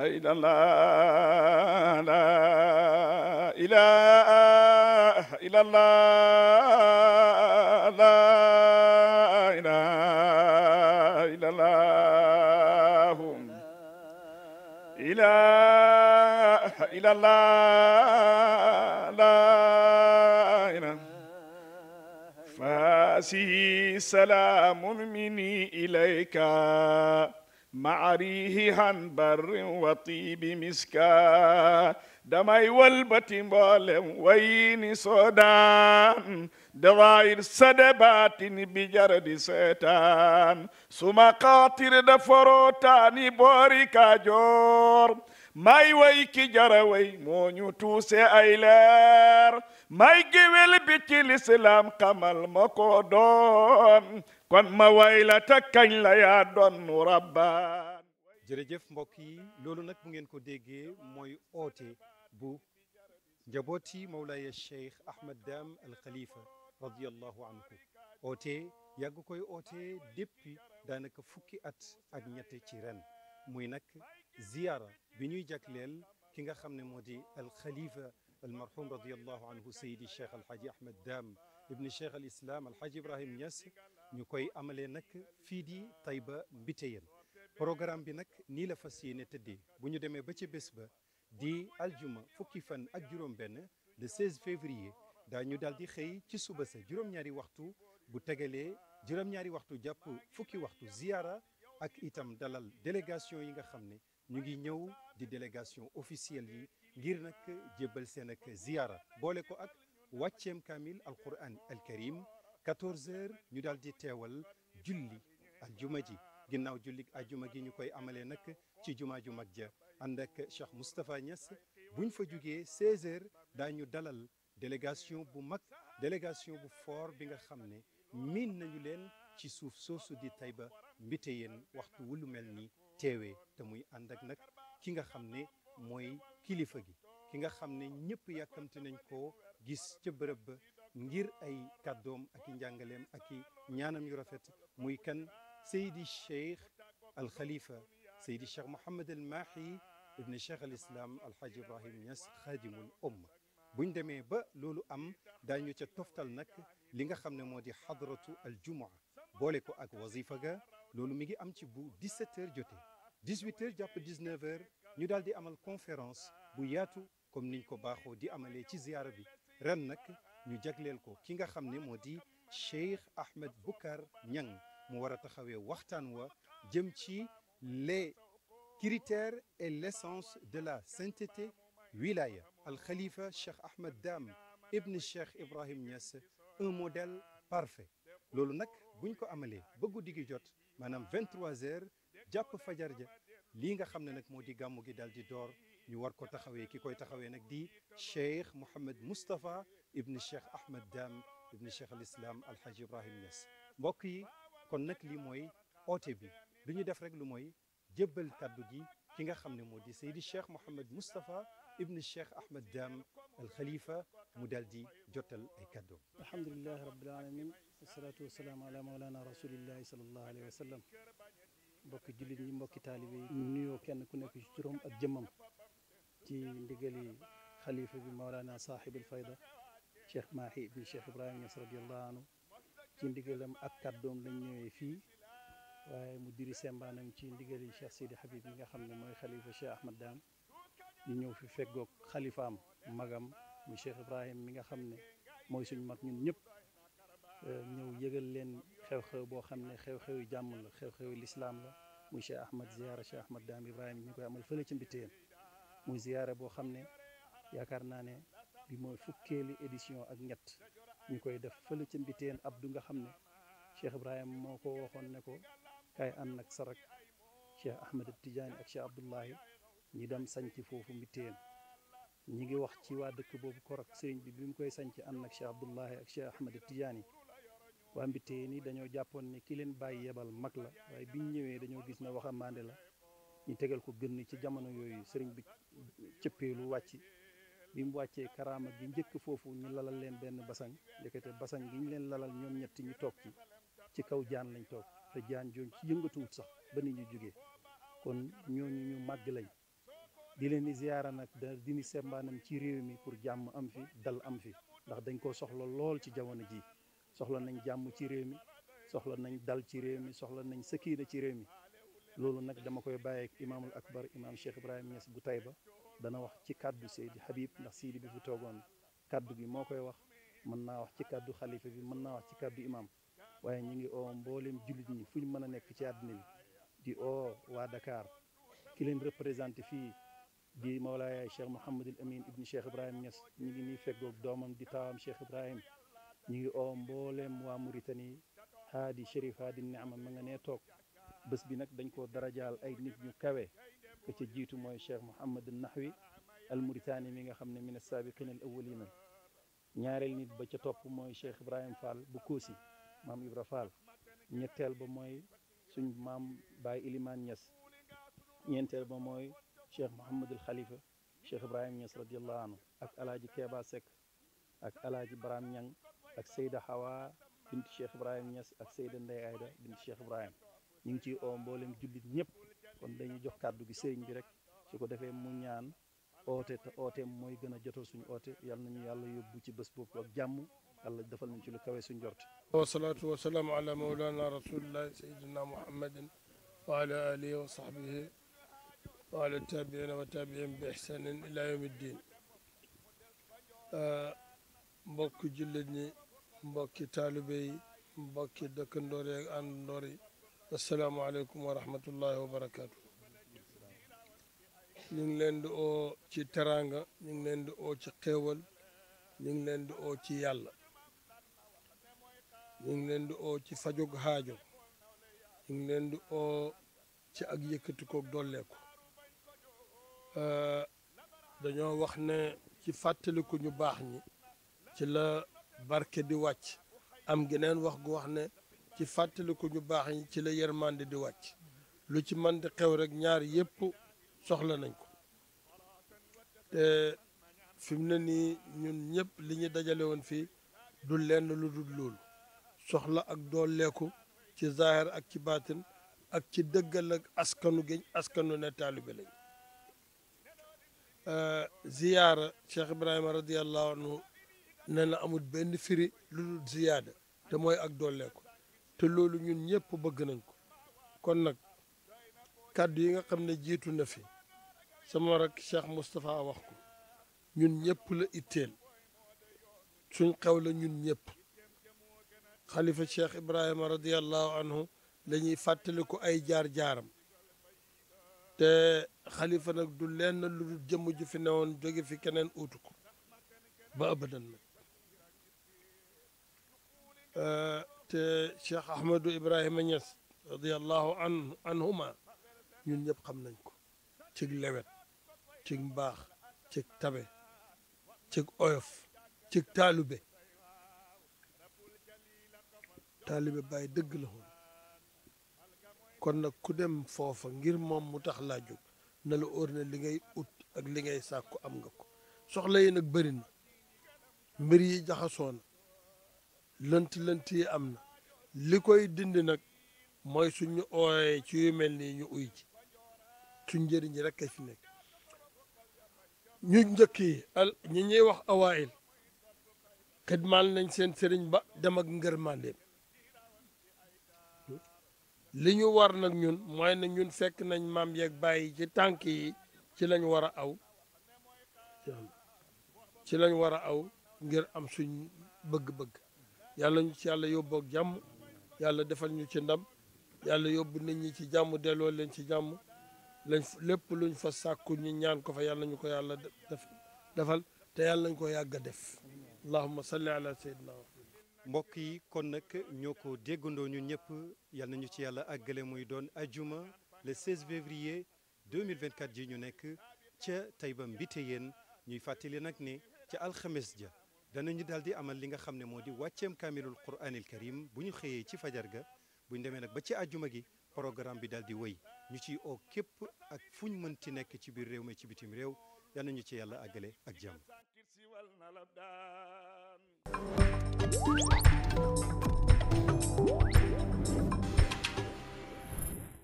إلا الله لا إله إلا الله لا إله إلا الله إله إلا الله لا إله فاسي سلام مني إليك مع ريح عن بر وطيب مسكا damay walbati mboolem wayini soodaan dawaayir sade bi jaradi seetaan suma xaatir da forootaani boori kaajoor may way ki jara mooñu tuuse ay leer may géwél bi lislaam xamal ma ko kon ma way la te kañ la yaa doon rabbaan jërëjëf mbokk yi loolu nag bu ngeen ko déggee mooy oote bu njabooti mawlaaya cheikh ahmad dam al khalifa yàgg koy oote depuis daanaka fukki at ak ñette ci ren muy nag ziyaara bi ñuy jagleel ki nga xam ne moo di al khalifa al marhum radiallahu anhu sayidi cheikh alhaji ahmad dam ibni cheikh al islam alhaji ibrahim Niass ñu koy amalee nag fii di Taïba Mbiteyeen programme bi nag nii la fas yéene tëddee bu ñu demee ba ci bés ba di aljuma fukki fan ak juróom-benn le 16 février daañu daal di xëy ci suba sa juróom-ñaari waxtu bu tegalee juróom-ñaari waxtu jàpp fukki waxtu ziyaara ak itam dalal délégation yi nga xam ne ñu ngi ñëw di délégation officielle yi ngir nag jébbal seen ak ziyaara boole ko ak wàcceem kaamil alquran alkarim 14 heures ñu daal di teewal julli aljuma ji ginnaaw julli aljuma gi ñu koy amalee nag ci juma ju mag ja ànd ak Cheikh Moustapha Niass buñ fa jógee 16 heures daañu dalal délégation bu mag délégation bu foor bi nga xam ne miin nañu leen ci suuf soosu di mbite Mbiteyeen waxtu wu lu mel ni teewee te muy ànd ak nag ki nga xam ne mooy kilifa gi ki nga xam ne ñëpp yàkkamti nañ ko gis ca bërëb ba ngir ay kaddoom ak i njàngaleem ak i ñaanam yu rafet muy kan Seydi Cheikh Al Khalifa Seydi Cheikh Mouhamed El Mahi ibn Cheikh Al Islam Al Hadj Ibrahim Niass Khadimul Umma buñ demee ba loolu am daañu ca toftal nag li nga xam ne moo di xadratu al jumaa boole ko ak wazifa ga loolu mi ngi am ci bu 17h jotee 18h jàpp 19h ñu daal di amal conférence bu yaatu comme niñ ko baaxoo di amalee ci ziyaara bi ren nag. ñu jagleel ko ki nga xam ne moo di Cheikh Ahmed Boucar Niang mu war a taxawee waxtaan wa jëm ci les critères et l'essence de la sainteté wilaya al khalifa Cheikh Ahmed Dame ibn Cheikh Ibrahim Niass un modèle parfait loolu nag buñ ko amelee ba guddi jot maanaam 23h jàpp fajar ja lii nga xam ne nag moo di gàmmu gi daal di door. ñu war ko taxawee ki koy taxawee nag di cheikh Mouhamed Moustapha ibni cheikh Ahmed Dame ibni cheikh al islam alhaji Ibrahim Niass mbokk yi kon nag lii mooy oote bi du ñu def rek lu mooy jébbal kàddu gi ki nga xam ne moo di Seydi cheikh Mouhamed Moustapha ibni cheikh Ahmed Dame al Khalifa mu daal di jotal ay kàddoom. alhamdulilah rabbil alamin wasalaatu wasalaam ala mawlana rasulillahi salallahu alayhi wa sallam mbokki jullit ñi kenn ku nekk ci ak jëmmam ci ndigali xalifa bi Mawlana saaxibul fayda Cheikh Mahi ibn Cheikh Ibrahima Niass radiyallahu anhu ci ndigalam ak kàddoom lañ ñëwee fii waaye mu diri sembaanam ci ndigali Cheikh Sidi Habib mi nga xam ne mooy xalifa Cheikh Ahmad ñëw fi feggoog xalifaam magam mu Cheikh Ibrahima mi nga xam ne mooy suñu mag ñun ñëpp ñëw yëgal leen xew-xew boo xam ne xew xew jàmm la xew-xewi lislaam la muy Cheikh Ahmad ziyaara Cheikh Ahmad Dame Ibrahima ñu koy amal fële ci mbittéen muy ziyaara boo xam ne yaakaar naa ne bi mooy fukkeeli édition ak ñett ñu koy def fële ca mbiteen Abdou nga xam ne Cheikh ibrahim moo ko waxoon ne ko kaay ànd ak sarak Cheikh Ahmed Tidiane ak Cheikh Abdoulahi dem sanc foofu mbiteen ñi ngi wax ci waa dëkk boobu korok sëriñ bi bi mu koy sanc ànd ak Cheikh Abdoulahi ak Cheikh Ahmed Tidiane yi waa mbiteen yi dañoo jàppoon ne ki leen bàyyi yebal mag la waaye biñ ñëwee dañoo gis ne waxambaande la ñu tegal ko gën ci jamono yooyu sëriñ bi cëppeelu wàcc bi mu wàccee karaama gi njëkk foofu ñu lalal leen benn basang ndekete basang gi ñu leen lalal ñoom ñett ñu toog ci ci kaw jaan lañ toog te jaan jooñ ci yëngatuwut sax ba ni ñu jógee kon ñooñu ñu màgg lañ di leen di ziyaara nag da dini sembaanam ci réew mi pour jàmm am fi dal am fi ndax dañ ko soxla lool ci jamono ji soxla nañ jàmm ci réew mi soxla nañ dal ci réew mi soxla nañ sëkiina ci réew mi loolu nag dama koy bàyyeeg imaamul akbar imaam Cheikh Ibrahima Niass bu Taïba dana wax ci kàddu Seydi Habib ndax siidi bi fi toogoon kàddu gi moo koy wax mën naa wax ci kàddu xalifa bi mën naa wax ci kàddu imaam waaye ñu ngi oo mbooleem jullit ñi fu ñu mën a nekk ci àddina bi di oo waa Dakar ki leen représenté fii di Mawlaaya Cheikh Mouhamadul Amin ibni Cheikh Ibrahima Niass ñu ngi nii feggoog doomam di taawam Cheikh Ibrahima ñu ngi oo mbooleem waa Mauritanie haadi Chérif haadi Neama ma nga nee toog bés bi nag dañ koo darajaal ay nit ñu kawe ka ca jiitu mooy cheikh Mouhamad Nahwi al Mauritani mi nga xam ne min as-saabiqiin al awwaliina ñaareel nit ba ca topp mooy cheikh Ibrahim Fall bu Koosi maam Ibra Fall ñetteel ba mooy suñ maam baay Ilimaan Niass ñeenteel ba mooy cheikh Mouhamadul Khalifa cheikh Ibrahim Niass radiyallahu anhu ak El Hadj Keba ak El Hadj Baram Ñang ak Seyda Hawa bint cheikh Ibrahim Niass ak Seyda Ndeye Ayda bint cheikh Ibrahim. ñu ngi ciy oo mboolem jullit ñëpp kon dañuy jox kàddu gi sëriñ bi rek si ko defee mu ñaan oote te ooteem mooy gën a jotal suñu oote yal nañu yàlla yóbbu ci bés boobu ak jàmm yàlla defal nañ ci lu kawe suñ jort wasalaatu wasalaamu ala mawlana rasulillahi sayidina muhammadin wa ala alihi wa sahbihi wa ala tabiina wa tabiin bi ihsanin ila yawmi mbokki jullit ñi mbokki taalibe mbokki dëkkandoor yi ak asalaamaaleykum wa rahmatullahi wa barakaatu. ñu ngi leen di oo ci teraanga ñu ngi leen di oo ci xéewal ñu ngi leen di oo ci yàlla ñu ngi leen di o ci fajog xaajo ñu ngi leen di oo ci ag yëkkati ko dolleeku dañoo wax ne ci fàttaliku ñu baax ñi ci la barke di wàcc am geneen wax gu wax ne ci fàttaliku ñu baax ñi ci la màndi di wàcc lu ci man xew rek ñaar yépp soxla nañ ko te fi mu ne nii ñun ñëpp li ñu dajale woon fii du lenn lu dul loolu soxla ak dooleeku ci zaahir ak ci baatin ak ci dëggal ak askanu géñ askanu ne taalibe lañ euh, ziyaara Cheikh Ibrahima radiyallahu anhu nee na amul benn firi lu dul ziyaada te mooy ak dooleeku te loolu ñun ñëpp bëgg nañ ko kon nag kàddu yi nga xam ne jiitu na fi sama rak Cheikh Moustapha wax ko ñun ñépp la itteel suñ xew la ñun ñëpp xalifa Cheikh Ibrahima radiallahu anhu la fàttali ko ay jaar-jaaram te xalifa nag du lenn lu dul jëmm ju fi ne woon jóge fi keneen uutu ko ba abadan nag euh, te Cheikh Ahmadou Ibrahima radiyallahu anhuma ñun ñëpp xam nañ ko cig lewet cig mbaax cig tabe cig oyof cig taalube taalube bàyyi dëgg la woon kon nag ku dem foofa ngir moom mu tax laa jóg na la óor ne li ngay ut ak li ngay sàkku am nga ko soxla nag bëri na mbir yi jaxasoo na lënt lënt yi am na li koy dind nag mooy suñu ooyee ci yu mel ni ñu uy ci suñ njëriñ rek a fi ñu njëkk yi al ñi ñuy wax awaayil xidmaal nañ seen sëriñ ba dem ak ngërmandeem li ñu war nag ñun mooy na ñun fekk nañ maam yeeg bàyyi ci tànk yi ci lañu war a aw ci lañ war a aw ngir am suñ bëgg-bëgg yàlla ñu ci yàlla yóbboog jàmm yàlla defal ñu ci ndam yàlla yóbbu nit ñi ci jàmm delloo leen ci jàmm lañ lépp luñ fa sàkku ñu ñaan ko fa yàlla ñu ko yàlla defal te yàlla nañ ko yàgg a def allahumma salli ala sayyidina mbokk yi kon nag ñoo ko déggandoo ñun ñëpp yal nañu ci yàlla àggale muy doon ajuma le 16 février 2024 ji ñu nekk ca Taïba Mbiteyeen ñuy fàttali nag ne ca alxames ja danañu daal di amal li nga xam ne moo di wàcceem kaamilul quranil karim bu ñu xëyee ci fajar ga bu ñu demee nag ba ci àjjuma gi programme bi daal di wëy ñu ciy oo képp ak fu ñu mënti nekk ci biir réew mi ci bitim réew danañu ci yàlla àggale ak jàmm.